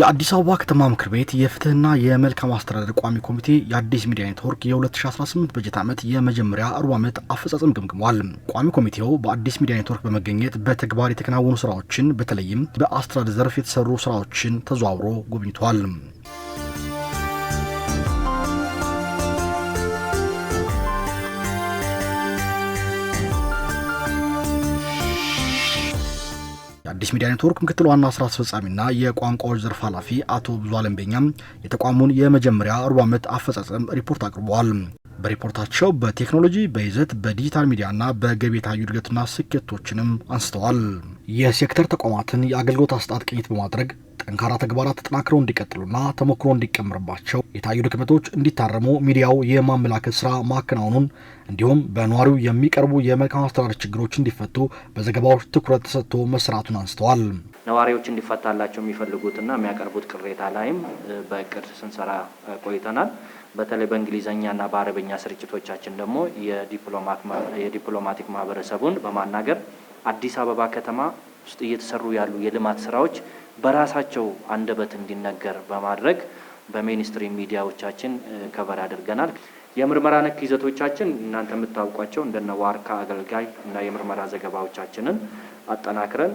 የአዲስ አበባ ከተማ ምክር ቤት የፍትህና የመልካም አስተዳደር ቋሚ ኮሚቴ የአዲስ ሚዲያ ኔትወርክ የ2018 በጀት ዓመት የመጀመሪያ ሩብ ዓመት አፈጻጸም ገምግሟል። ቋሚ ኮሚቴው በአዲስ ሚዲያ ኔትወርክ በመገኘት በተግባር የተከናወኑ ስራዎችን በተለይም በአስተዳደር ዘርፍ የተሰሩ ስራዎችን ተዘዋውሮ ጎብኝቷል። አዲስ ሚዲያ ኔትወርክ ምክትል ዋና ስራ አስፈጻሚና የቋንቋዎች ዘርፍ ኃላፊ አቶ ብዙ አለምቤኛም የተቋሙን የመጀመሪያ ሩብ ዓመት አፈጻጸም ሪፖርት አቅርበዋል። በሪፖርታቸው በቴክኖሎጂ፣ በይዘት፣ በዲጂታል ሚዲያና በገቢ የታዩ እድገትና ስኬቶችንም አንስተዋል። የሴክተር ተቋማትን የአገልግሎት አሰጣጥ ቅኝት በማድረግ ጠንካራ ተግባራት ተጠናክረው እንዲቀጥሉና ተሞክሮ እንዲቀምርባቸው የታዩ ድክመቶች እንዲታረሙ ሚዲያው የማመላከት ስራ ማከናወኑን እንዲሁም በነዋሪው የሚቀርቡ የመልካም አስተዳደር ችግሮች እንዲፈቱ በዘገባዎች ትኩረት ተሰጥቶ መስራቱን አንስተዋል። ነዋሪዎች እንዲፈታላቸው የሚፈልጉትና የሚያቀርቡት ቅሬታ ላይም በእቅድ ስንሰራ ቆይተናል። በተለይ በእንግሊዝኛና በአረብኛ ስርጭቶቻችን ደግሞ የዲፕሎማቲክ ማህበረሰቡን በማናገር አዲስ አበባ ከተማ ውስጥ እየተሰሩ ያሉ የልማት ስራዎች በራሳቸው አንደበት እንዲነገር በማድረግ በሜንስትሪም ሚዲያዎቻችን ከበር አድርገናል። የምርመራ ነክ ይዘቶቻችን እናንተ የምታውቋቸው እንደነ ዋርካ አገልጋይ እና የምርመራ ዘገባዎቻችንን አጠናክረን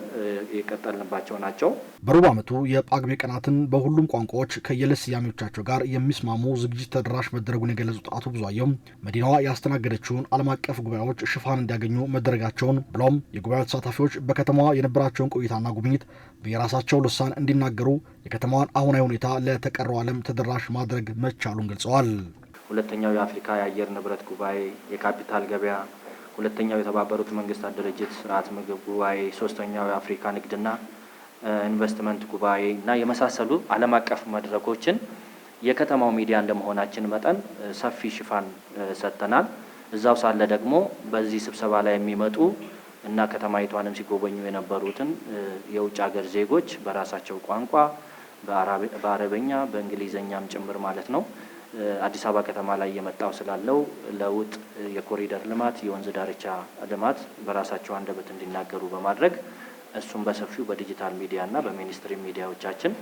የቀጠልንባቸው ናቸው። በሩብ ዓመቱ የጳጉሜ ቀናትን በሁሉም ቋንቋዎች ከየለት ስያሜዎቻቸው ጋር የሚስማሙ ዝግጅት ተደራሽ መደረጉን የገለጹት አቶ ብዙአየሁ መዲናዋ ያስተናገደችውን ዓለም አቀፍ ጉባኤዎች ሽፋን እንዲያገኙ መደረጋቸውን ብሎም የጉባኤው ተሳታፊዎች በከተማዋ የነበራቸውን ቆይታና ጉብኝት በየራሳቸው ልሳን እንዲናገሩ የከተማዋን አሁናዊ ሁኔታ ለተቀረው ዓለም ተደራሽ ማድረግ መቻሉን ገልጸዋል። ሁለተኛው የአፍሪካ የአየር ንብረት ጉባኤ፣ የካፒታል ገበያ ሁለተኛው የተባበሩት መንግስታት ድርጅት ስርዓት ምግብ ጉባኤ፣ ሶስተኛው የአፍሪካ ንግድና ኢንቨስትመንት ጉባኤ እና የመሳሰሉ ዓለም አቀፍ መድረኮችን የከተማው ሚዲያ እንደመሆናችን መጠን ሰፊ ሽፋን ሰጥተናል። እዛው ሳለ ደግሞ በዚህ ስብሰባ ላይ የሚመጡ እና ከተማይቷንም ሲጎበኙ የነበሩትን የውጭ ሀገር ዜጎች በራሳቸው ቋንቋ በአረበኛ በእንግሊዝኛም ጭምር ማለት ነው አዲስ አበባ ከተማ ላይ የመጣው ስላለው ለውጥ የኮሪደር ልማት፣ የወንዝ ዳርቻ ልማት በራሳቸው አንደበት እንዲናገሩ በማድረግ እሱም በሰፊው በዲጂታል ሚዲያና በሚኒስትሪ ሚዲያዎቻችን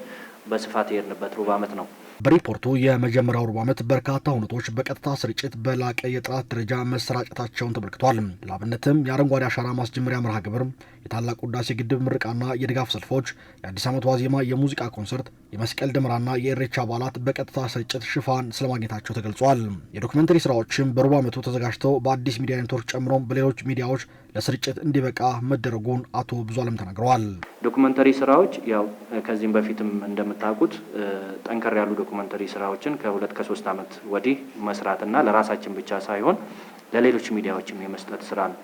በስፋት የሄድንበት ሩብ ዓመት ነው። በሪፖርቱ የመጀመሪያው ሩብ ዓመት በርካታ ሁነቶች በቀጥታ ስርጭት በላቀ የጥራት ደረጃ መሰራጨታቸውን ተመልክቷል። ለአብነትም የአረንጓዴ አሻራ ማስጀመሪያ መርሃ ግብር፣ የታላቁ ህዳሴ ግድብ ምርቃና የድጋፍ ሰልፎች፣ የአዲስ ዓመት ዋዜማ የሙዚቃ ኮንሰርት፣ የመስቀል ደመራና የኢሬቻ አባላት በቀጥታ ስርጭት ሽፋን ስለማግኘታቸው ተገልጿል። የዶክመንተሪ ስራዎችም በሩብ ዓመቱ ተዘጋጅተው በአዲስ ሚዲያ ኔትወርክ ጨምሮም በሌሎች ሚዲያዎች ለስርጭት እንዲበቃ መደረጉን አቶ ብዙ አለም ተናግረዋል። ዶኩመንተሪ ስራዎች ያው ከዚህም በፊትም እንደምታውቁት ጠንከር ያሉ ዶኩመንተሪ ስራዎችን ከሁለት ከሶስት ዓመት ወዲህ መስራትና ለራሳችን ብቻ ሳይሆን ለሌሎች ሚዲያዎችም የመስጠት ስራ ነው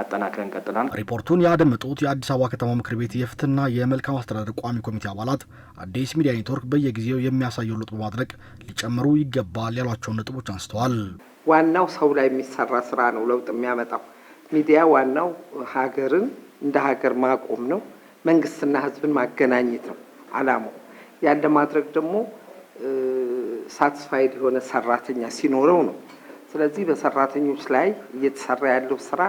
አጠናክረን ቀጥላል። ሪፖርቱን ያደመጡት የአዲስ አበባ ከተማ ምክር ቤት የፍትህና የመልካም አስተዳደር ቋሚ ኮሚቴ አባላት አዲስ ሚዲያ ኔትወርክ በየጊዜው የሚያሳየው ለውጥ በማድረግ ሊጨምሩ ይገባል ያሏቸውን ነጥቦች አንስተዋል። ዋናው ሰው ላይ የሚሰራ ስራ ነው ለውጥ የሚያመጣው። ሚዲያ ዋናው ሀገርን እንደ ሀገር ማቆም ነው። መንግስትና ህዝብን ማገናኘት ነው አላማው። ያን ለማድረግ ደግሞ ሳትስፋይድ የሆነ ሰራተኛ ሲኖረው ነው። ስለዚህ በሰራተኞች ላይ እየተሰራ ያለው ስራ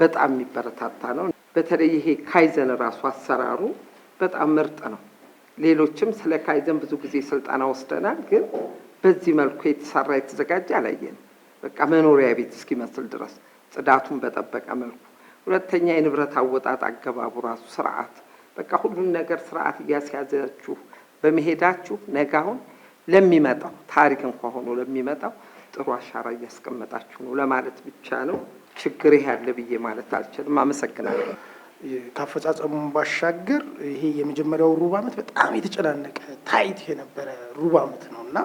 በጣም የሚበረታታ ነው። በተለይ ይሄ ካይዘን ራሱ አሰራሩ በጣም ምርጥ ነው። ሌሎችም ስለ ካይዘን ብዙ ጊዜ ስልጠና ወስደናል፣ ግን በዚህ መልኩ የተሰራ የተዘጋጀ አላየን። በቃ መኖሪያ ቤት እስኪመስል ድረስ ጽዳቱን በጠበቀ መልኩ፣ ሁለተኛ የንብረት አወጣጥ አገባቡ ራሱ ስርዓት፣ በቃ ሁሉን ነገር ስርዓት እያስያዛችሁ በመሄዳችሁ ነገ አሁን ለሚመጣው ታሪክ እንኳ ሆኖ ለሚመጣው ጥሩ አሻራ እያስቀመጣችሁ ነው ለማለት ብቻ ነው። ችግር ያለ ብዬ ማለት አልችልም። አመሰግናለሁ። ካፈጻጸሙ ባሻገር ይሄ የመጀመሪያው ሩብ ዓመት በጣም የተጨናነቀ ታይት የነበረ ሩብ ዓመት ነው እና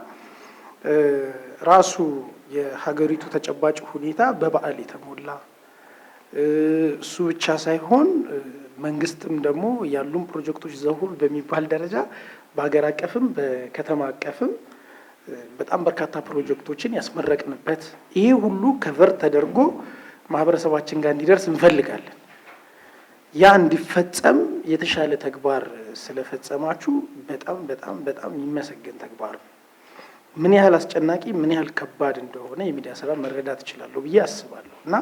ራሱ የሀገሪቱ ተጨባጭ ሁኔታ በበዓል የተሞላ እሱ ብቻ ሳይሆን መንግስትም ደግሞ ያሉን ፕሮጀክቶች ዘሁል በሚባል ደረጃ በሀገር አቀፍም በከተማ አቀፍም በጣም በርካታ ፕሮጀክቶችን ያስመረቅንበት ይሄ ሁሉ ከቨር ተደርጎ ማህበረሰባችን ጋር እንዲደርስ እንፈልጋለን። ያ እንዲፈጸም የተሻለ ተግባር ስለፈጸማችሁ በጣም በጣም በጣም የሚመሰገን ተግባር ነው። ምን ያህል አስጨናቂ ምን ያህል ከባድ እንደሆነ የሚዲያ ስራ መረዳት ይችላሉ ብዬ አስባለሁ። እና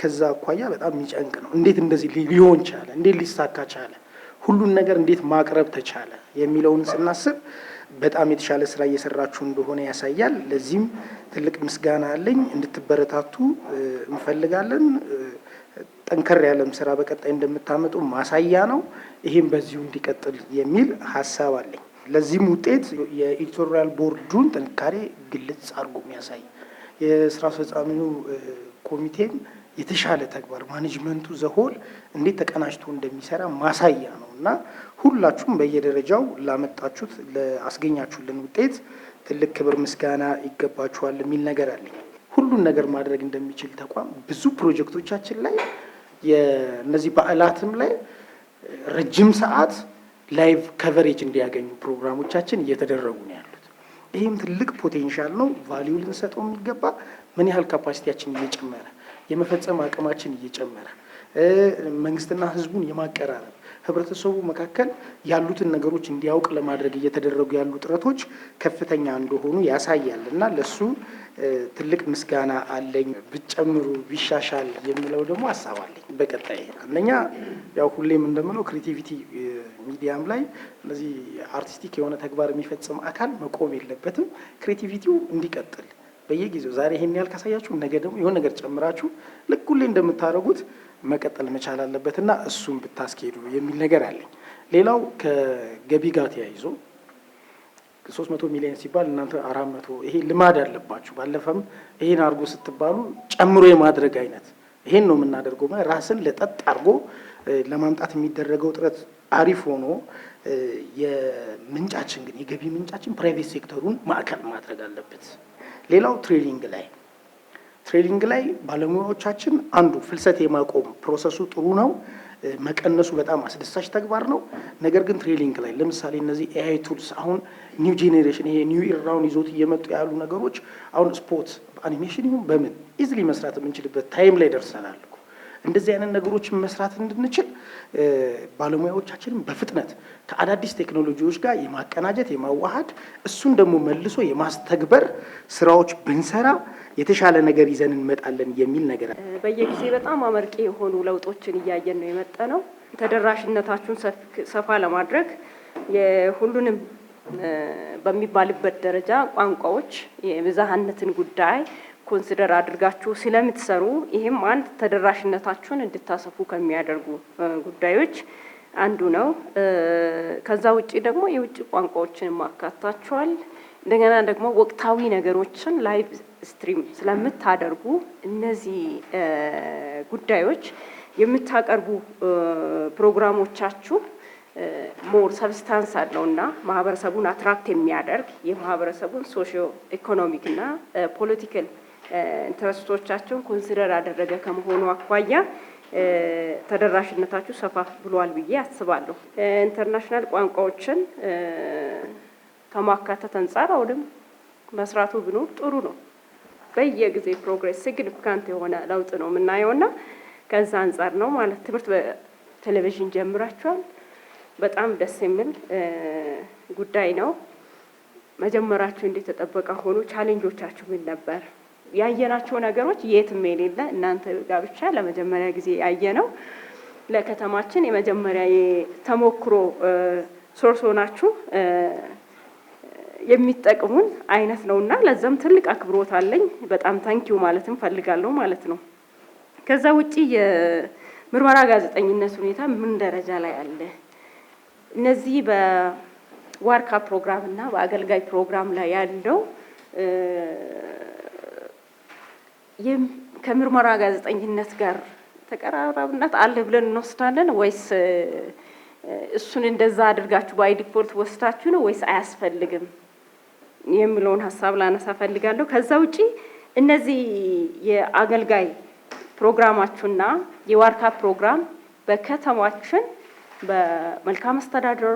ከዛ አኳያ በጣም የሚጨንቅ ነው። እንዴት እንደዚህ ሊሆን ቻለ? እንዴት ሊሳካ ቻለ? ሁሉን ነገር እንዴት ማቅረብ ተቻለ? የሚለውን ስናስብ በጣም የተሻለ ስራ እየሰራችሁ እንደሆነ ያሳያል። ለዚህም ትልቅ ምስጋና አለኝ። እንድትበረታቱ እንፈልጋለን። ጠንከር ያለም ስራ በቀጣይ እንደምታመጡ ማሳያ ነው። ይህም በዚሁ እንዲቀጥል የሚል ሀሳብ አለኝ። ለዚህም ውጤት የኤዲቶሪያል ቦርዱን ጥንካሬ ግልጽ አድርጎ የሚያሳይ የስራ አስፈጻሚው ኮሚቴም የተሻለ ተግባር ማኔጅመንቱ ዘሆል እንዴት ተቀናጅቶ እንደሚሰራ ማሳያ ነው እና ሁላችሁም በየደረጃው ላመጣችሁት ለአስገኛችሁልን ውጤት ትልቅ ክብር ምስጋና ይገባችኋል የሚል ነገር አለኝ። ሁሉን ነገር ማድረግ እንደሚችል ተቋም ብዙ ፕሮጀክቶቻችን ላይ የእነዚህ በዓላትም ላይ ረጅም ሰዓት ላይቭ ከቨሬጅ እንዲያገኙ ፕሮግራሞቻችን እየተደረጉ ነው ያሉት። ይህም ትልቅ ፖቴንሻል ነው፣ ቫሊዩ ልንሰጠው የሚገባ ምን ያህል ካፓሲቲያችን እየጨመረ የመፈጸም አቅማችን እየጨመረ መንግስትና ህዝቡን የማቀራረብ ህብረተሰቡ መካከል ያሉትን ነገሮች እንዲያውቅ ለማድረግ እየተደረጉ ያሉ ጥረቶች ከፍተኛ እንደሆኑ ያሳያል እና ለሱ ትልቅ ምስጋና አለኝ። ብጨምሩ ቢሻሻል የሚለው ደግሞ ሀሳብ አለኝ። በቀጣይ አንደኛ ያው ሁሌም እንደምለው ክሬቲቪቲ ሚዲያም ላይ እነዚህ አርቲስቲክ የሆነ ተግባር የሚፈጽም አካል መቆም የለበትም። ክሬቲቪቲው እንዲቀጥል በየጊዜው ዛሬ ይሄን ያህል ካሳያችሁ ነገ ደግሞ የሆነ ነገር ጨምራችሁ ልክ ሁሌ እንደምታደርጉት መቀጠል መቻል አለበትና እሱም ብታስኬዱ የሚል ነገር አለኝ። ሌላው ከገቢ ጋር ተያይዞ ሶስት መቶ ሚሊዮን ሲባል እናንተ አራት መቶ ይሄ ልማድ አለባችሁ። ባለፈም ይሄን አድርጎ ስትባሉ ጨምሮ የማድረግ አይነት ይሄን ነው የምናደርገው። ራስን ለጠጥ አድርጎ ለማምጣት የሚደረገው ጥረት አሪፍ ሆኖ የምንጫችን ግን የገቢ ምንጫችን ፕራይቬት ሴክተሩን ማዕከል ማድረግ አለበት። ሌላው ትሬዲንግ ላይ ትሬዲንግ ላይ ባለሙያዎቻችን አንዱ ፍልሰት የማቆም ፕሮሰሱ ጥሩ ነው፣ መቀነሱ በጣም አስደሳች ተግባር ነው። ነገር ግን ትሬዲንግ ላይ ለምሳሌ እነዚህ ኤአይ ቱልስ አሁን ኒው ጄኔሬሽን ይሄ ኒው ኢራውን ይዞት እየመጡ ያሉ ነገሮች አሁን ስፖርት አኒሜሽን ይሁን በምን ኢዝሊ መስራት የምንችልበት ታይም ላይ ደርሰናል። እንደዚህ አይነት ነገሮችን መስራት እንድንችል ባለሙያዎቻችንም በፍጥነት ከአዳዲስ ቴክኖሎጂዎች ጋር የማቀናጀት የማዋሃድ እሱን ደግሞ መልሶ የማስተግበር ስራዎች ብንሰራ የተሻለ ነገር ይዘን እንመጣለን የሚል ነገር በየጊዜ በጣም አመርቂ የሆኑ ለውጦችን እያየን ነው የመጣ ነው። ተደራሽነታችሁን ሰፋ ለማድረግ የሁሉንም በሚባልበት ደረጃ ቋንቋዎች የብዝሃነትን ጉዳይ ኮንሲደር አድርጋችሁ ስለምትሰሩ ይህም አንድ ተደራሽነታችሁን እንድታሰፉ ከሚያደርጉ ጉዳዮች አንዱ ነው። ከዛ ውጭ ደግሞ የውጭ ቋንቋዎችን ማካታችኋል። እንደገና ደግሞ ወቅታዊ ነገሮችን ላይቭ ስትሪም ስለምታደርጉ እነዚህ ጉዳዮች የምታቀርቡ ፕሮግራሞቻችሁ ሞር ሰብስታንስ አለው እና ማህበረሰቡን አትራክት የሚያደርግ የማህበረሰቡን ሶሽዮ ኢኮኖሚክ እና ፖለቲካል ኢንትረስቶቻቸውን ኮንሲደር ያደረገ ከመሆኑ አኳያ ተደራሽነታችሁ ሰፋ ብሏል ብዬ አስባለሁ። ኢንተርናሽናል ቋንቋዎችን ከማካተት አንጻር አሁንም መስራቱ ብኖር ጥሩ ነው። በየጊዜ ፕሮግሬስ ሲግኒፊካንት የሆነ ለውጥ ነው የምናየውና ከዛ አንጻር ነው ማለት ትምህርት በቴሌቪዥን ጀምራችኋል በጣም ደስ የሚል ጉዳይ ነው። መጀመራችሁ እንዴት ተጠበቀ ሆኖ ቻሌንጆቻችሁ ምን ነበር? ያየናቸው ነገሮች የትም የሌለ እናንተ ጋር ብቻ ለመጀመሪያ ጊዜ ያየ ነው። ለከተማችን የመጀመሪያ ተሞክሮ ሶርሶ ናችሁ የሚጠቅሙን አይነት ነው እና ለዛም ትልቅ አክብሮት አለኝ። በጣም ታንኪው ማለትም ፈልጋለሁ ማለት ነው። ከዛ ውጪ የምርመራ ጋዜጠኝነት ሁኔታ ምን ደረጃ ላይ አለ? እነዚህ በዋርካ ፕሮግራም እና በአገልጋይ ፕሮግራም ላይ ያለው ከምርመራ ጋዜጠኝነት ጋር ተቀራራብነት አለ ብለን እንወስዳለን ወይስ እሱን እንደዛ አድርጋችሁ በአይዲፖርት ወስዳችሁ ነው ወይስ አያስፈልግም የሚለውን ሀሳብ ላነሳ ፈልጋለሁ። ከዛ ውጪ እነዚህ የአገልጋይ ፕሮግራማችሁና የዋርካ ፕሮግራም በከተማችን በመልካም አስተዳደር፣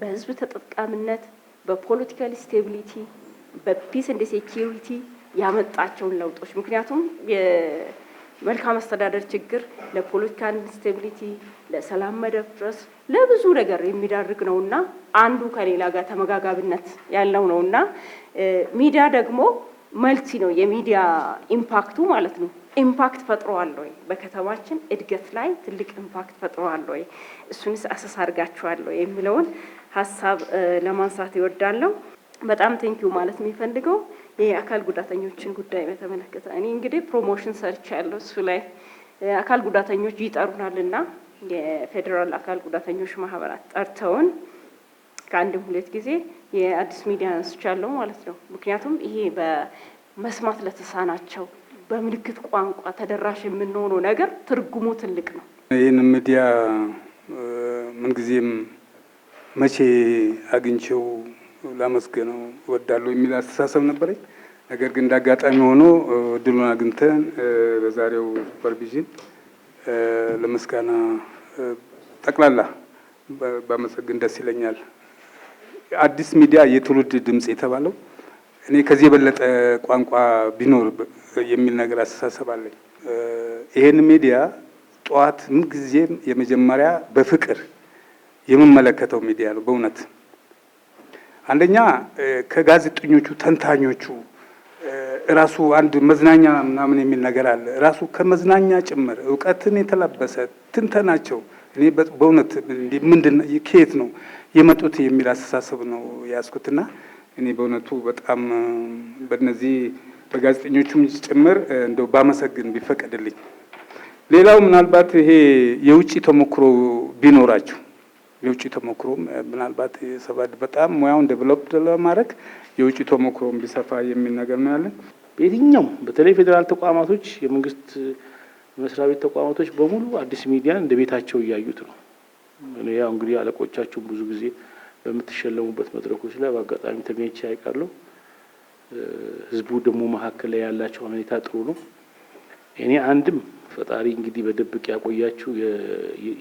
በህዝብ ተጠቃሚነት፣ በፖለቲካል ስቴቢሊቲ፣ በፒስ እንደ ሴኪሪቲ ያመጣቸውን ለውጦች ምክንያቱም የመልካም አስተዳደር ችግር ለፖለቲካ ኢንስቴቢሊቲ ለሰላም መደፍረስ ለብዙ ነገር የሚዳርግ እና አንዱ ከሌላ ጋር ተመጋጋቢነት ያለው እና ሚዲያ ደግሞ መልቲ ነው የሚዲያ ኢምፓክቱ ማለት ነው። ኢምፓክት ፈጥሯል ወይ? በከተማችን እድገት ላይ ትልቅ ኢምፓክት ፈጥሯል ወይ? እሱንስ አሰሳ አድርጋችኋል ወይ የሚለውን ሀሳብ ለማንሳት ይወዳለሁ። በጣም ቴንኪዩ ማለት የሚፈልገው የአካል ጉዳተኞችን ጉዳይ በተመለከተ እኔ እንግዲህ ፕሮሞሽን ያለው እሱ ላይ አካል ጉዳተኞች ይጠሩናል እና የፌዴራል አካል ጉዳተኞች ማህበራት ጠርተውን ከአንድም ሁለት ጊዜ የአዲስ ሚዲያ አንስቻለሁ ማለት ነው። ምክንያቱም ይሄ በመስማት ለተሳናቸው በምልክት ቋንቋ ተደራሽ የምንሆነው ነገር ትርጉሙ ትልቅ ነው። ይህን ሚዲያ ምንጊዜም መቼ አግኝቼው ላመስገነው እወዳለሁ የሚል አስተሳሰብ ነበረኝ። ነገር ግን እንዳጋጣሚ ሆኖ እድሉን አግኝተን በዛሬው ሱፐርቪዥን ለምስጋና ጠቅላላ ባመሰግን ደስ ይለኛል። አዲስ ሚዲያ የትውልድ ድምፅ የተባለው እኔ ከዚህ የበለጠ ቋንቋ ቢኖር የሚል ነገር አስተሳሰብ አለኝ። ይሄን ሚዲያ ጠዋት ምንጊዜም የመጀመሪያ በፍቅር የምመለከተው ሚዲያ ነው። በእውነት አንደኛ ከጋዜጠኞቹ ተንታኞቹ ራሱ አንድ መዝናኛ ምናምን የሚል ነገር አለ። ራሱ ከመዝናኛ ጭምር እውቀትን የተላበሰ ትንተናቸው እኔ በእውነት ምንድን ከየት ነው የመጡት የሚል አስተሳሰብ ነው ያዝኩትና እኔ በእውነቱ በጣም በነዚህ በጋዜጠኞቹም ጭምር እንደው ባመሰግን ቢፈቀድልኝ። ሌላው ምናልባት ይሄ የውጭ ተሞክሮ ቢኖራችሁ የውጭ ተሞክሮ ምናልባት ሰባድ በጣም ሙያውን ዴቨሎፕ ለማድረግ የውጭ ተሞክሮ ቢሰፋ የሚል ነገር ነው ያለን። በየትኛውም በተለይ ፌዴራል ተቋማቶች፣ የመንግስት መስሪያ ቤት ተቋማቶች በሙሉ አዲስ ሚዲያን እንደ ቤታቸው እያዩት ነው። ያው እንግዲህ አለቆቻችሁ ብዙ ጊዜ በምትሸለሙበት መድረኮች ላይ በአጋጣሚ ተገኝቼ አይቃለሁ። ህዝቡ ደግሞ መካከል ላይ ያላቸው ሁኔታ ጥሩ ነው። እኔ አንድም ፈጣሪ እንግዲህ በደብቅ ያቆያችሁ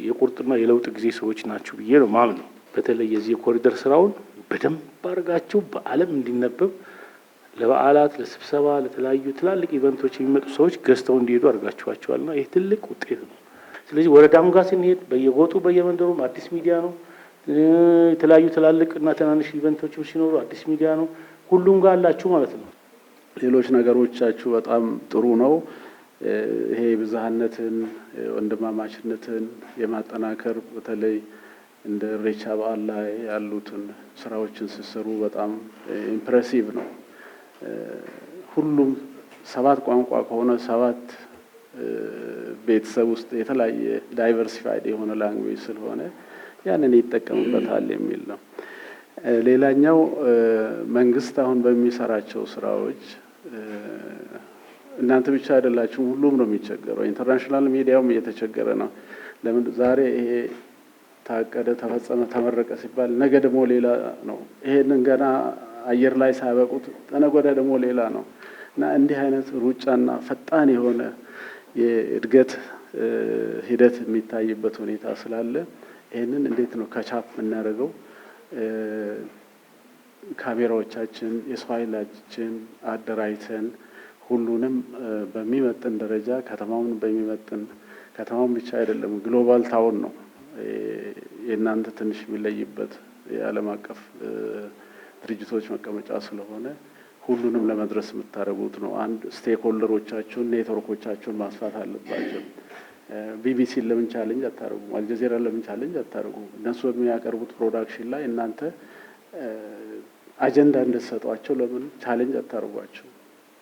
የቁርጥና የለውጥ ጊዜ ሰዎች ናችሁ ብዬ ነው ነው። በተለይ የዚህ የኮሪደር ስራውን በደንብ አድርጋችሁ በዓለም እንዲነበብ ለበዓላት፣ ለስብሰባ፣ ለተለያዩ ትላልቅ ኢቨንቶች የሚመጡ ሰዎች ገዝተው እንዲሄዱ አድርጋችኋቸዋልና ይህ ትልቅ ውጤት ነው። ስለዚህ ወረዳም ጋር ስንሄድ በየጎጡ በየመንደሩም አዲስ ሚዲያ ነው። የተለያዩ ትላልቅ እና ትናንሽ ኢቨንቶችም ሲኖሩ አዲስ ሚዲያ ነው። ሁሉም ጋር አላችሁ ማለት ነው። ሌሎች ነገሮቻችሁ በጣም ጥሩ ነው። ይሄ ብዝሃነትን ወንድማማችነትን የማጠናከር በተለይ እንደ ሬቻ በዓል ላይ ያሉትን ስራዎችን ስሰሩ በጣም ኢምፕሬሲቭ ነው። ሁሉም ሰባት ቋንቋ ከሆነ ሰባት ቤተሰብ ውስጥ የተለያየ ዳይቨርሲፋይድ የሆነ ላንጉዌጅ ስለሆነ ያንን ይጠቀምበታል የሚል ነው። ሌላኛው መንግስት አሁን በሚሰራቸው ስራዎች እናንተ ብቻ አይደላችሁ፣ ሁሉም ነው የሚቸገረው። ኢንተርናሽናል ሚዲያውም እየተቸገረ ነው። ለምን ዛሬ ይሄ ታቀደ፣ ተፈጸመ፣ ተመረቀ ሲባል ነገ ደግሞ ሌላ ነው። ይሄንን ገና አየር ላይ ሳያበቁት ተነገ ደግሞ ሌላ ነው እና እንዲህ አይነት ሩጫና ፈጣን የሆነ የእድገት ሂደት የሚታይበት ሁኔታ ስላለ ይህንን እንዴት ነው ከቻፕ የምናደርገው? ካሜራዎቻችን የሰው ኃይላችን አደራጅተን ሁሉንም በሚመጥን ደረጃ ከተማውን በሚመጥን ከተማውን ብቻ አይደለም፣ ግሎባል ታውን ነው የእናንተ ትንሽ የሚለይበት የዓለም አቀፍ ድርጅቶች መቀመጫ ስለሆነ ሁሉንም ለመድረስ የምታደርጉት ነው። አንድ ስቴክሆልደሮቻችሁን ኔትወርኮቻችሁን ማስፋት አለባቸው። ቢቢሲ ለምን ቻለንጅ አታደርጉም? አልጀዚራ ለምን ቻለንጅ አታደርጉም? እነሱ በሚያቀርቡት ፕሮዳክሽን ላይ እናንተ አጀንዳ እንደሰጧቸው ለምን ቻለንጅ አታደርጓቸው?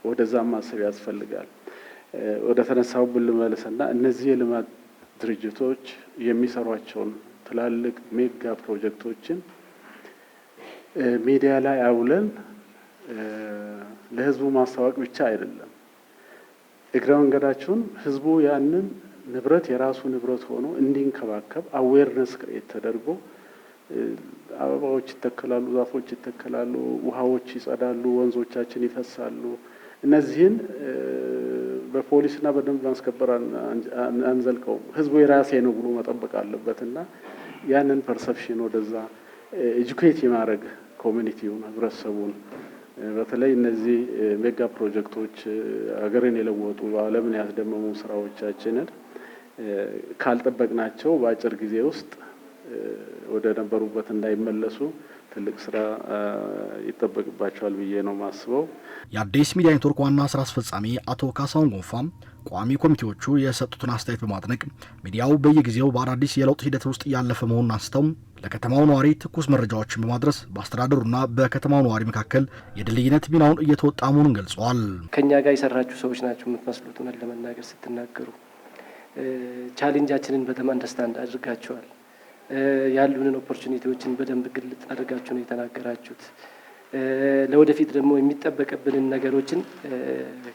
ወደዛም ማሰብ ያስፈልጋል። ወደ ተነሳው ብልመልስና እነዚህ የልማት ድርጅቶች የሚሰሯቸውን ትላልቅ ሜጋ ፕሮጀክቶችን ሚዲያ ላይ አውለን ለህዝቡ ማስታወቅ ብቻ አይደለም፣ እግረ መንገዳችሁን ህዝቡ ያንን ንብረት የራሱ ንብረት ሆኖ እንዲንከባከብ አዌርነስ ክሬት ተደርጎ አበባዎች ይተከላሉ፣ ዛፎች ይተከላሉ፣ ውሃዎች ይጸዳሉ፣ ወንዞቻችን ይፈሳሉ። እነዚህን በፖሊስና በደንብ ማስከበር አንዘልቀውም። ህዝቡ የራሴ ነው ብሎ መጠበቅ አለበት ያንን ፐርሰፕሽን ወደዛ ኤጁኬት የማድረግ ኮሚኒቲውን ህብረተሰቡን በተለይ እነዚህ ሜጋ ፕሮጀክቶች ሀገርን የለወጡ ዓለምን ያስደመሙ ስራዎቻችንን ካልጠበቅናቸው በአጭር ጊዜ ውስጥ ወደ ነበሩበት እንዳይመለሱ ትልቅ ስራ ይጠበቅባቸዋል ብዬ ነው ማስበው። የአዲስ ሚዲያ ኔትወርክ ዋና ስራ አስፈጻሚ አቶ ካሳሁን ጎንፋ ቋሚ ኮሚቴዎቹ የሰጡትን አስተያየት በማድነቅ ሚዲያው በየጊዜው በአዳዲስ የለውጥ ሂደት ውስጥ ያለፈ መሆኑን አንስተው ለከተማው ነዋሪ ትኩስ መረጃዎችን በማድረስ በአስተዳደሩና በከተማው ነዋሪ መካከል የድልድይነት ሚናውን እየተወጣ መሆኑን ገልጸዋል። ከእኛ ጋር የሰራችሁ ሰዎች ናቸው የምትመስሉት እውነት ለመናገር ስትናገሩ ቻሌንጃችንን በጣም አንደርስታንድ አድርጋችኋል። ያሉንን ኦፖርቹኒቲዎችን በደንብ ግልጥ አድርጋችሁ ነው የተናገራችሁት። ለወደፊት ደግሞ የሚጠበቅብንን ነገሮችን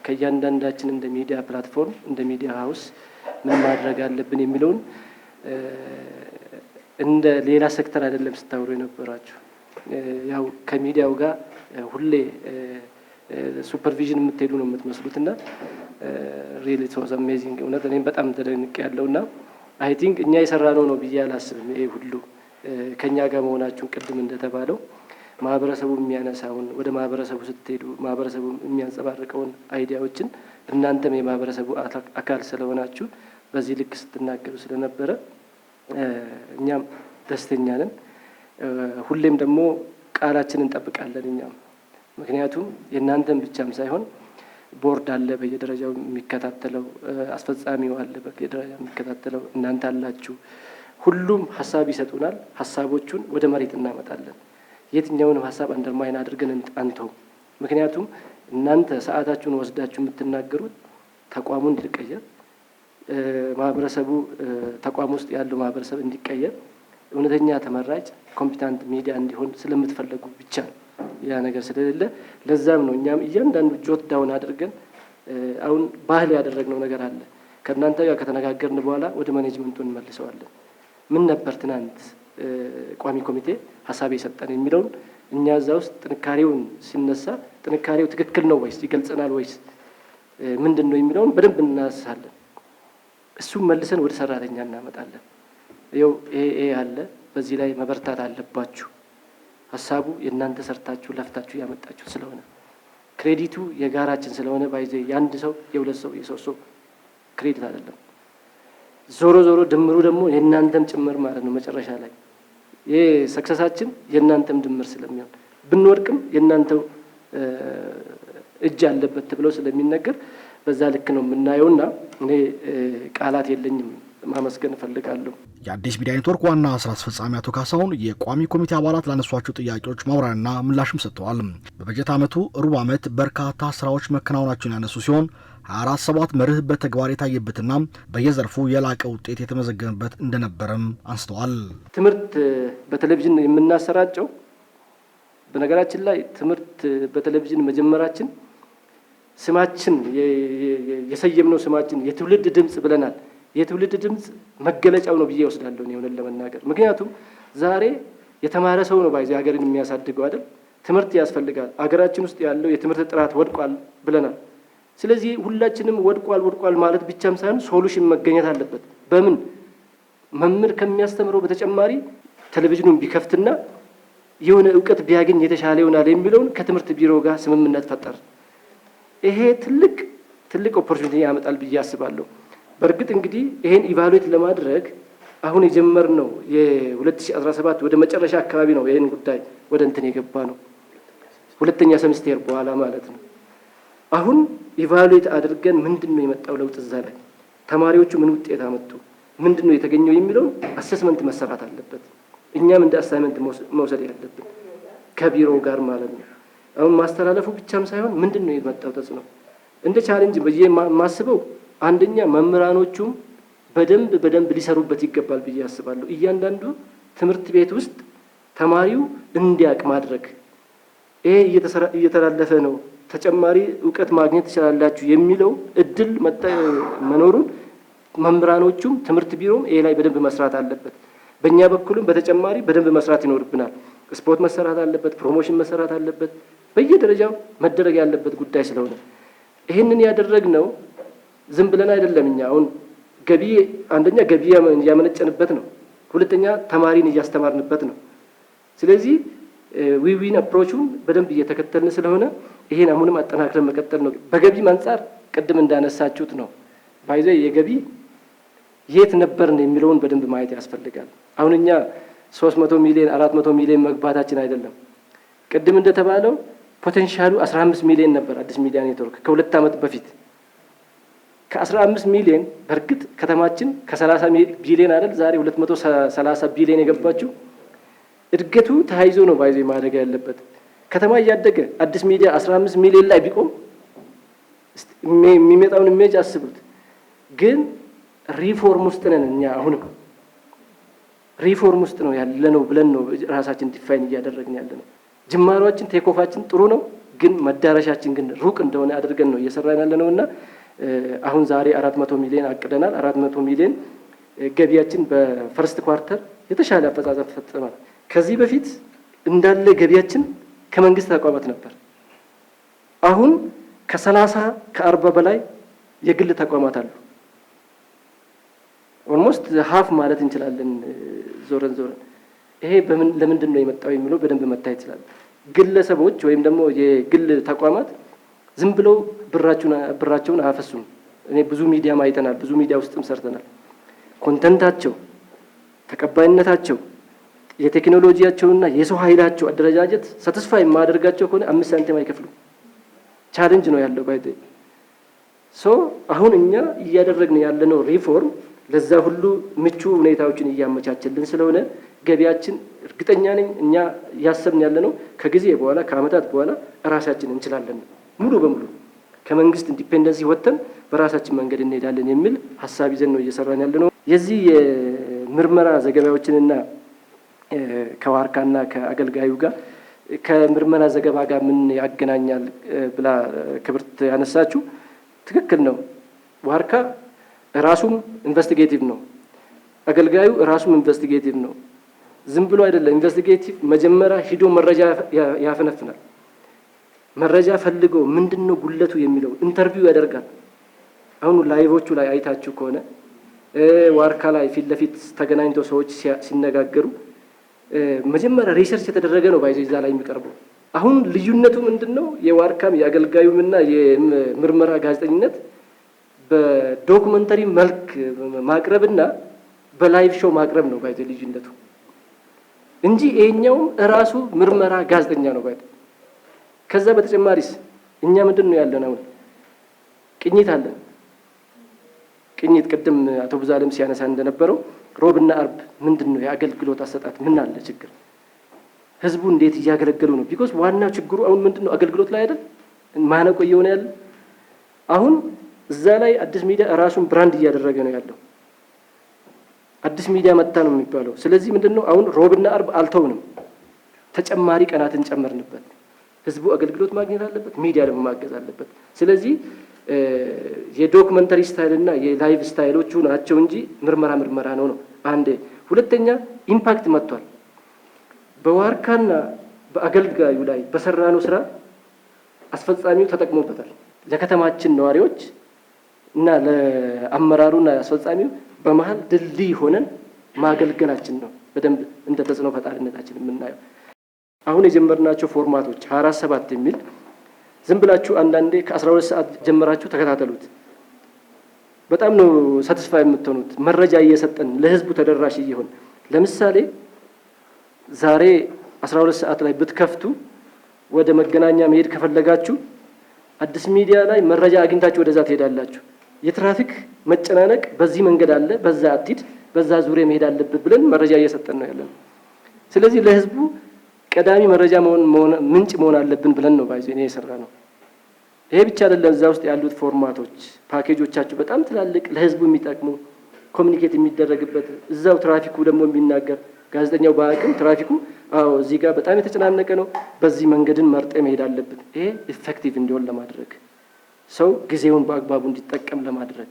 ከእያንዳንዳችን እንደ ሚዲያ ፕላትፎርም እንደ ሚዲያ ሀውስ ምን ማድረግ አለብን የሚለውን እንደ ሌላ ሴክተር አይደለም ስታወሩ የነበራችሁ። ያው ከሚዲያው ጋር ሁሌ ሱፐርቪዥን የምትሄዱ ነው የምትመስሉት እና ሪል ኢት ዋዝ አሜዚንግ እውነት እኔም በጣም ተደንቅ ያለውና አይ ቲንክ እኛ የሰራነው ነው ብዬ አላስብም። ይሄ ሁሉ uh, ከእኛ ጋር መሆናችሁን ቅድም እንደተባለው ማህበረሰቡ የሚያነሳውን ወደ ማህበረሰቡ ስትሄዱ ማህበረሰቡ የሚያንጸባርቀውን አይዲያዎችን እናንተም የማህበረሰቡ አካል ስለሆናችሁ በዚህ ልክ ስትናገሩ ስለነበረ uh, እኛም ደስተኛ ነን። uh, ሁሌም ደግሞ ቃላችንን እንጠብቃለን እኛም ምክንያቱም የእናንተን ብቻም ሳይሆን ቦርድ አለ በየደረጃው የሚከታተለው፣ አስፈጻሚው አለ በየደረጃው የሚከታተለው፣ እናንተ አላችሁ። ሁሉም ሀሳብ ይሰጡናል። ሀሳቦቹን ወደ መሬት እናመጣለን። የትኛውንም ሀሳብ አንደርማይን አድርገን አንተው። ምክንያቱም እናንተ ሰዓታችሁን ወስዳችሁ የምትናገሩት ተቋሙ እንዲቀየር ማህበረሰቡ ተቋም ውስጥ ያለው ማህበረሰብ እንዲቀየር እውነተኛ ተመራጭ ኮምፒታንት ሚዲያ እንዲሆን ስለምትፈለጉ ብቻ ነው። ያ ነገር ስለሌለ ለዛም ነው እኛም እያንዳንዱ ጆት ዳውን አድርገን አሁን ባህል ያደረግነው ነገር አለ። ከእናንተ ጋር ከተነጋገርን በኋላ ወደ ማኔጅመንቱ እንመልሰዋለን። ምን ነበር ትናንት ቋሚ ኮሚቴ ሀሳብ የሰጠን የሚለውን እኛ እዛ ውስጥ ጥንካሬውን ሲነሳ ጥንካሬው ትክክል ነው ወይስ ይገልጸናል ወይስ ምንድን ነው የሚለውን በደንብ እናስሳለን። እሱም መልሰን ወደ ሰራተኛ እናመጣለን። ይኸው ይሄ አለ፣ በዚህ ላይ መበርታት አለባችሁ ሀሳቡ የእናንተ ሰርታችሁ ለፍታችሁ ያመጣችሁ ስለሆነ ክሬዲቱ የጋራችን ስለሆነ ባይዘ የአንድ ሰው የሁለት ሰው የሰው ሰው ክሬዲት አይደለም። ዞሮ ዞሮ ድምሩ ደግሞ የእናንተም ጭምር ማለት ነው። መጨረሻ ላይ ይህ ሰክሰሳችን የእናንተም ድምር ስለሚሆን ብንወድቅም የእናንተው እጅ አለበት ተብለው ስለሚነገር በዛ ልክ ነው የምናየውና እኔ ቃላት የለኝም። ማመስገን እፈልጋለሁ። የአዲስ ሚዲያ ኔትወርክ ዋና ስራ አስፈጻሚ አቶ ካሳሁን የቋሚ ኮሚቴ አባላት ላነሷቸው ጥያቄዎች ማብራሪያና ምላሽም ሰጥተዋል። በበጀት ዓመቱ ሩብ ዓመት በርካታ ስራዎች መከናወናቸውን ያነሱ ሲሆን 247 መርህ በተግባር የታየበትና በየዘርፉ የላቀ ውጤት የተመዘገበበት እንደነበረም አንስተዋል። ትምህርት በቴሌቪዥን የምናሰራጨው በነገራችን ላይ ትምህርት በቴሌቪዥን መጀመራችን ስማችን የሰየምነው ስማችን የትውልድ ድምፅ ብለናል። የትውልድ ድምፅ መገለጫው ነው ብዬ ይወስዳለሁ የሆነን ለመናገር ምክንያቱም ዛሬ የተማረ ሰው ነው ባይዘ ሀገርን የሚያሳድገው አይደል። ትምህርት ያስፈልጋል። ሀገራችን ውስጥ ያለው የትምህርት ጥራት ወድቋል ብለናል። ስለዚህ ሁላችንም ወድቋል ወድቋል ማለት ብቻም ሳይሆን ሶሉሽን መገኘት አለበት። በምን መምህር ከሚያስተምረው በተጨማሪ ቴሌቪዥኑን ቢከፍትና የሆነ እውቀት ቢያገኝ የተሻለ ይሆናል የሚለውን ከትምህርት ቢሮ ጋር ስምምነት ፈጠር። ይሄ ትልቅ ትልቅ ኦፖርቹኒቲ ያመጣል ብዬ አስባለሁ። በእርግጥ እንግዲህ ይሄን ኢቫሉዌት ለማድረግ አሁን የጀመርነው የ2017 ወደ መጨረሻ አካባቢ ነው። ይህን ጉዳይ ወደ እንትን የገባ ነው፣ ሁለተኛ ሰምስቴር በኋላ ማለት ነው። አሁን ኢቫሉዌት አድርገን ምንድን ነው የመጣው ለውጥ እዛ ላይ ተማሪዎቹ ምን ውጤት አመጡ፣ ምንድን ነው የተገኘው የሚለውን አሰስመንት መሰራት አለበት። እኛም እንደ አሳይመንት መውሰድ ያለብን ከቢሮ ጋር ማለት ነው። አሁን ማስተላለፉ ብቻም ሳይሆን ምንድን ነው የመጣው ተጽዕኖ እንደ ቻሌንጅ ብዬ ማስበው አንደኛ መምህራኖቹም በደንብ በደንብ ሊሰሩበት ይገባል ብዬ አስባለሁ። እያንዳንዱ ትምህርት ቤት ውስጥ ተማሪው እንዲያውቅ ማድረግ ይሄ እየተላለፈ ነው፣ ተጨማሪ እውቀት ማግኘት ትችላላችሁ የሚለው እድል መኖሩን መምህራኖቹም ትምህርት ቢሮም ይሄ ላይ በደንብ መስራት አለበት። በእኛ በኩልም በተጨማሪ በደንብ መስራት ይኖርብናል። ስፖርት መሰራት አለበት፣ ፕሮሞሽን መሰራት አለበት። በየደረጃው መደረግ ያለበት ጉዳይ ስለሆነ ይህንን ያደረግነው ዝም ብለን አይደለም እኛ አሁን ገቢ አንደኛ ገቢ ያመነጨንበት ነው፣ ሁለተኛ ተማሪን እያስተማርንበት ነው። ስለዚህ ዊዊን አፕሮቹን በደንብ እየተከተልን ስለሆነ ይሄን አሁንም አጠናክረን መቀጠል ነው። በገቢም አንጻር ቅድም እንዳነሳችሁት ነው ባይዘ የገቢ የት ነበርን የሚለውን በደንብ ማየት ያስፈልጋል። አሁን እኛ ሶስት መቶ ሚሊዮን አራት መቶ ሚሊዮን መግባታችን አይደለም። ቅድም እንደተባለው ፖቴንሻሉ አስራ አምስት ሚሊዮን ነበር አዲስ ሚዲያ ኔትወርክ ከሁለት ዓመት በፊት ከ15 ሚሊዮን በእርግጥ ከተማችን ከ30 ቢሊዮን አይደል ዛሬ 230 ቢሊዮን የገባችው እድገቱ ተያይዞ ነው ባይዞ ማደግ ያለበት ከተማ እያደገ አዲስ ሚዲያ 15 ሚሊዮን ላይ ቢቆም የሚመጣውን ኢሜጅ አስቡት። ግን ሪፎርም ውስጥ ነን እኛ አሁንም ሪፎርም ውስጥ ነው ያለ ነው ብለን ነው ራሳችን ዲፋይን እያደረግን ያለ ነው። ጅማሯችን ቴኮፋችን ጥሩ ነው፣ ግን መዳረሻችን ግን ሩቅ እንደሆነ አድርገን ነው እየሰራን ያለ ነው እና አሁን ዛሬ አራት መቶ ሚሊዮን አቅደናል። 400 መቶ ሚሊዮን ገቢያችን በፈርስት ኳርተር የተሻለ አፈጻጸም ፈጽመናል። ከዚህ በፊት እንዳለ ገቢያችን ከመንግስት ተቋማት ነበር። አሁን ከሰላሳ ከአርባ በላይ የግል ተቋማት አሉ። ኦልሞስት ሀፍ ማለት እንችላለን። ዞረን ዞረን ይሄ ለምንድን ነው የመጣው የሚለው በደንብ መታየት ይችላል። ግለሰቦች ወይም ደግሞ የግል ተቋማት ዝም ብለው ብራቸውን አያፈሱም። እኔ ብዙ ሚዲያም አይተናል፣ ብዙ ሚዲያ ውስጥም ሰርተናል። ኮንተንታቸው፣ ተቀባይነታቸው፣ የቴክኖሎጂያቸውና የሰው ኃይላቸው አደረጃጀት ሳትስፋይ የማደርጋቸው ከሆነ አምስት ሳንቲም አይከፍሉም። ቻሌንጅ ነው ያለው ባይ ሶ አሁን እኛ እያደረግን ያለነው ሪፎርም ለዛ ሁሉ ምቹ ሁኔታዎችን እያመቻቸልን ስለሆነ ገቢያችን እርግጠኛ ነኝ እኛ እያሰብን ያለነው ከጊዜ በኋላ ከዓመታት በኋላ እራሳችን እንችላለን። ሙሉ በሙሉ ከመንግስት ኢንዲፔንደንስ ወጥተን በራሳችን መንገድ እንሄዳለን የሚል ሀሳብ ይዘን ነው እየሰራን ያለ ነው። የዚህ የምርመራ ዘገባዎችንና ከዋርካና ከአገልጋዩ ጋር ከምርመራ ዘገባ ጋር ምን ያገናኛል ብላ ክብርት ያነሳችው ትክክል ነው። ዋርካ ራሱም ኢንቨስቲጌቲቭ ነው። አገልጋዩ ራሱም ኢንቨስቲጌቲቭ ነው። ዝም ብሎ አይደለም ኢንቨስቲጌቲቭ። መጀመሪያ ሂዶ መረጃ ያፈነፍናል። መረጃ ፈልገው ምንድን ነው ጉለቱ የሚለው ኢንተርቪው ያደርጋል። አሁን ላይቮቹ ላይ አይታችሁ ከሆነ ዋርካ ላይ ፊት ለፊት ተገናኝተው ሰዎች ሲነጋገሩ መጀመሪያ ሪሰርች የተደረገ ነው ባይዘ እዛ ላይ የሚቀርበው። አሁን ልዩነቱ ምንድን ነው? የዋርካም የአገልጋዩምና የምርመራ ጋዜጠኝነት በዶኩመንተሪ መልክ ማቅረብና በላይቭ ሾው ማቅረብ ነው ባይዘ ልዩነቱ እንጂ ይሄኛውም እራሱ ምርመራ ጋዜጠኛ ነው ባይዘ ከዛ በተጨማሪስ እኛ ምንድን ነው ያለን? አሁን ቅኝት አለን። ቅኝት ቅድም አቶ ብዙ አለም ሲያነሳ እንደነበረው ሮብና አርብ ምንድን ነው የአገልግሎት አሰጣት ምን አለ ችግር ህዝቡ እንዴት እያገለገሉ ነው? ቢኮስ ዋናው ችግሩ አሁን ምንድን ነው አገልግሎት ላይ አይደል ማነቆ እየሆነ ያለ። አሁን እዛ ላይ አዲስ ሚዲያ ራሱን ብራንድ እያደረገ ነው ያለው። አዲስ ሚዲያ መታ ነው የሚባለው። ስለዚህ ምንድን ነው አሁን ሮብና አርብ አልተውንም፣ ተጨማሪ ቀናትን ጨመርንበት። ህዝቡ አገልግሎት ማግኘት አለበት፣ ሚዲያ ደግሞ ማገዝ አለበት። ስለዚህ የዶክመንተሪ ስታይል እና የላይቭ ስታይሎቹ ናቸው እንጂ ምርመራ ምርመራ ነው ነው። አንድ ሁለተኛ ኢምፓክት መጥቷል። በዋርካና በአገልጋዩ ላይ በሰራነው ስራ አስፈጻሚው ተጠቅሞበታል። ለከተማችን ነዋሪዎች እና ለአመራሩና አስፈጻሚው በመሀል ድልድይ ሆነን ማገልገላችን ነው በደንብ እንደ ተጽዕኖ ፈጣሪነታችን የምናየው። አሁን የጀመርናቸው ፎርማቶች ሀያ አራት ሰባት የሚል ዝም ብላችሁ አንዳንዴ ከአስራ ሁለት ሰዓት ጀምራችሁ ተከታተሉት። በጣም ነው ሳትስፋይ የምትሆኑት። መረጃ እየሰጠን ለህዝቡ ተደራሽ እየሆን ለምሳሌ ዛሬ አስራ ሁለት ሰዓት ላይ ብትከፍቱ ወደ መገናኛ መሄድ ከፈለጋችሁ አዲስ ሚዲያ ላይ መረጃ አግኝታችሁ ወደዛ ትሄዳላችሁ። የትራፊክ መጨናነቅ በዚህ መንገድ አለ፣ በዛ አትሂድ፣ በዛ ዙሪያ መሄድ አለብህ ብለን መረጃ እየሰጠን ነው ያለን። ስለዚህ ለህዝቡ ቀዳሚ መረጃ ምንጭ መሆን አለብን ብለን ነው ባይዞ እኔ የሰራ ነው። ይሄ ብቻ አይደለም። እዛ ውስጥ ያሉት ፎርማቶች ፓኬጆቻቸው በጣም ትላልቅ ለህዝቡ የሚጠቅሙ ኮሚኒኬት የሚደረግበት እዛው ትራፊኩ ደግሞ የሚናገር ጋዜጠኛው በአቅም ትራፊኩ አዎ እዚህ ጋር በጣም የተጨናነቀ ነው፣ በዚህ መንገድን መርጠ መሄድ አለብን። ይሄ ኢፌክቲቭ እንዲሆን ለማድረግ ሰው ጊዜውን በአግባቡ እንዲጠቀም ለማድረግ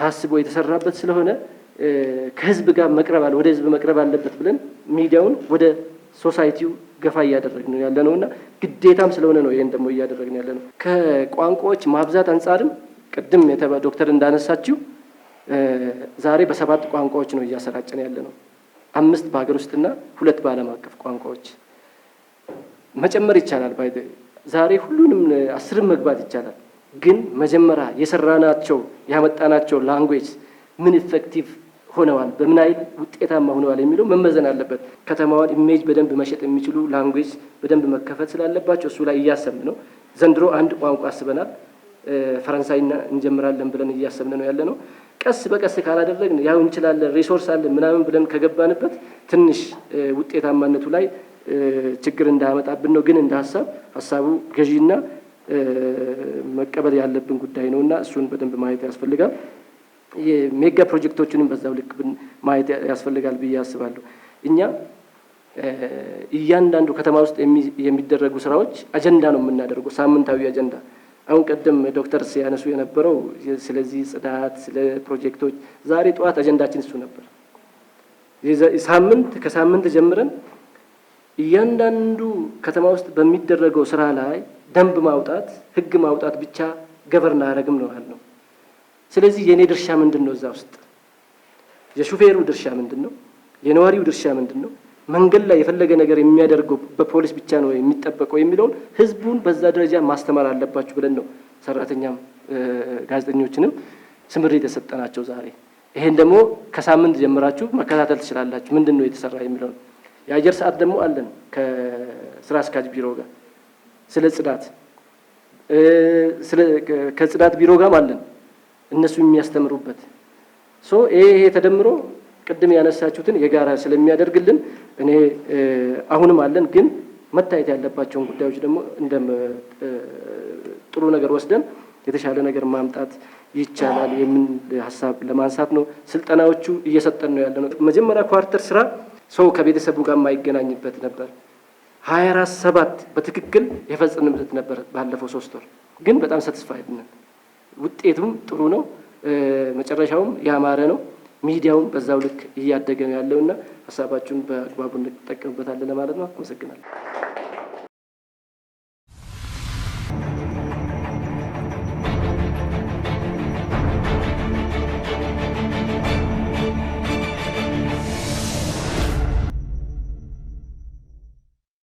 ታስቦ የተሰራበት ስለሆነ ከህዝብ ጋር መቅረብ አለ ወደ ህዝብ መቅረብ አለበት ብለን ሚዲያውን ወደ ሶሳይቲው ገፋ እያደረግን ያለ ነው እና ግዴታም ስለሆነ ነው ይህን ደግሞ እያደረግን ያለ ነው። ከቋንቋዎች ማብዛት አንጻርም ቅድም ዶክተር እንዳነሳችው ዛሬ በሰባት ቋንቋዎች ነው እያሰራጨን ያለ ነው። አምስት በሀገር ውስጥና ሁለት በዓለም አቀፍ ቋንቋዎች መጨመር ይቻላል። ባይ ዛሬ ሁሉንም አስርም መግባት ይቻላል። ግን መጀመሪያ የሰራናቸው ያመጣናቸው ላንጉዌጅ ምን ኢፌክቲቭ ሆነዋል በምን አይል ውጤታማ ሆነዋል የሚለው መመዘን አለበት። ከተማዋን ኢሜጅ በደንብ መሸጥ የሚችሉ ላንጉዌጅ በደንብ መከፈት ስላለባቸው እሱ ላይ እያሰብን ነው። ዘንድሮ አንድ ቋንቋ አስበናል። ፈረንሳይና እንጀምራለን ብለን እያሰብን ነው ያለ ነው። ቀስ በቀስ ካላደረግን ያው እንችላለን ሪሶርስ አለን ምናምን ብለን ከገባንበት ትንሽ ውጤታማነቱ ላይ ችግር እንዳያመጣብን ነው። ግን እንደ ሀሳብ ሀሳቡ ገዢና መቀበል ያለብን ጉዳይ ነው እና እሱን በደንብ ማየት ያስፈልጋል። ሜጋ ፕሮጀክቶቹንም በዛው ልክ ማየት ያስፈልጋል ብዬ አስባለሁ። እኛ እያንዳንዱ ከተማ ውስጥ የሚደረጉ ስራዎች አጀንዳ ነው የምናደርገው፣ ሳምንታዊ አጀንዳ። አሁን ቀደም ዶክተር ሲያነሱ የነበረው ስለዚህ ጽዳት፣ ስለ ፕሮጀክቶች ዛሬ ጠዋት አጀንዳችን እሱ ነበር። ሳምንት ከሳምንት ጀምረን እያንዳንዱ ከተማ ውስጥ በሚደረገው ስራ ላይ ደንብ ማውጣት፣ ህግ ማውጣት ብቻ ገቨርን አያደርግም ነው ያለው ስለዚህ የእኔ ድርሻ ምንድን ነው? እዛ ውስጥ የሹፌሩ ድርሻ ምንድን ነው? የነዋሪው ድርሻ ምንድን ነው? መንገድ ላይ የፈለገ ነገር የሚያደርገው በፖሊስ ብቻ ነው የሚጠበቀው የሚለውን ህዝቡን በዛ ደረጃ ማስተማር አለባችሁ ብለን ነው ሰራተኛም ጋዜጠኞችንም የተሰጠ ናቸው ዛሬ። ይሄን ደግሞ ከሳምንት ጀምራችሁ መከታተል ትችላላችሁ፣ ምንድን ነው የተሰራ የሚለውን የአየር ሰዓት ደግሞ አለን ከስራ አስኪያጅ ቢሮ ጋር ስለ ጽዳት ከጽዳት ቢሮ ጋርም አለን እነሱ የሚያስተምሩበት ሶ ይሄ ተደምሮ ቅድም ያነሳችሁትን የጋራ ስለሚያደርግልን እኔ አሁንም አለን ግን መታየት ያለባቸውን ጉዳዮች ደግሞ እንደ ጥሩ ነገር ወስደን የተሻለ ነገር ማምጣት ይቻላል የሚል ሀሳብ ለማንሳት ነው። ስልጠናዎቹ እየሰጠን ነው ያለ ነው። መጀመሪያ ኳርተር ስራ ሰው ከቤተሰቡ ጋር የማይገናኝበት ነበር። ሀያ አራት ሰባት በትክክል የፈጸምንበት ነበር። ባለፈው ሶስት ወር ግን በጣም ሳትስፋይድ ነን። ውጤቱም ጥሩ ነው፣ መጨረሻውም ያማረ ነው። ሚዲያውም በዛው ልክ እያደገ ነው ያለው እና ሀሳባችሁን በአግባቡ እንጠቀምበታለን ለማለት ነው። አመሰግናለሁ።